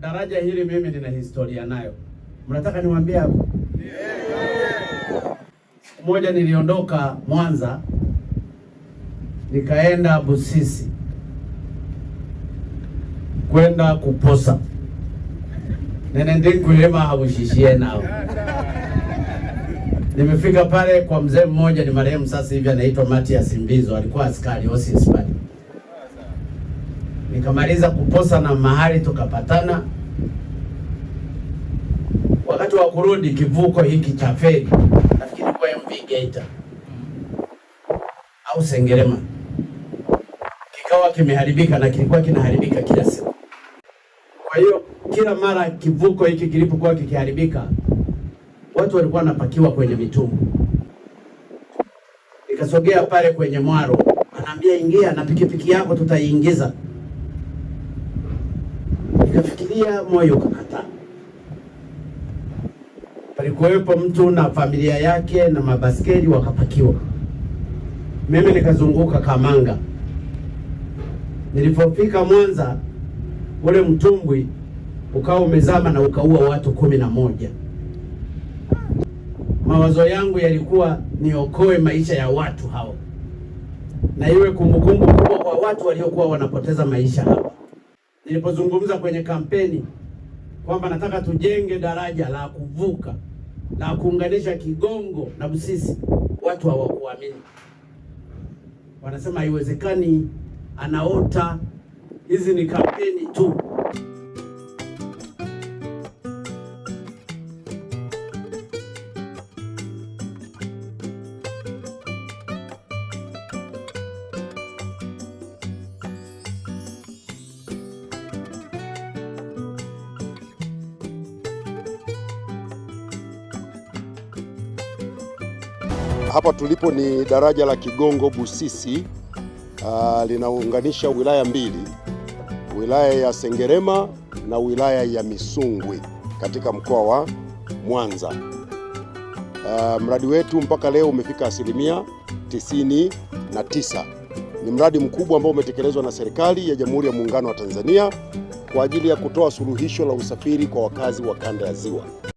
daraja hili mimi nina historia nayo. Mnataka niwaambie hapo? Yeah. Moja, niliondoka Mwanza nikaenda Busisi kwenda kuposa nene ndikulima haushishie nao. Nimefika pale kwa mzee mmoja, ni marehemu sasa hivi, anaitwa Matias Mbizo, alikuwa askari osis pale nikamaliza kuposa na mahali tukapatana. Wakati wa kurudi kivuko hiki cha feri, nafikiri kwa MV Geita au Sengerema, kikawa kimeharibika na kilikuwa kinaharibika kila siku. Kwa hiyo kila mara kivuko hiki kilipokuwa kikiharibika, watu walikuwa wanapakiwa kwenye mitumbu. Nikasogea pale kwenye mwaro, anaambia ingia na pikipiki yako, tutaiingiza nikafikiria, moyo ukakata. Palikuwepo mtu na familia yake na mabaskeli wakapakiwa, mimi nikazunguka Kamanga. Nilipofika Mwanza, ule mtumbwi ukawa umezama na ukaua watu kumi na moja. Mawazo yangu yalikuwa niokoe maisha ya watu hao na iwe kumbukumbu kubwa kwa watu waliokuwa wanapoteza maisha hapa nilipozungumza kwenye kampeni kwamba nataka tujenge daraja la kuvuka la kuunganisha Kigongo na Busisi, watu hawakuamini, wanasema haiwezekani, anaota. Hizi ni kampeni tu. hapa tulipo ni daraja la Kigongo Busisi. Uh, linaunganisha wilaya mbili, wilaya ya Sengerema na wilaya ya Misungwi katika mkoa wa Mwanza. Uh, mradi wetu mpaka leo umefika asilimia 99. Ni mradi mkubwa ambao umetekelezwa na serikali ya Jamhuri ya Muungano wa Tanzania kwa ajili ya kutoa suluhisho la usafiri kwa wakazi wa kanda ya Ziwa.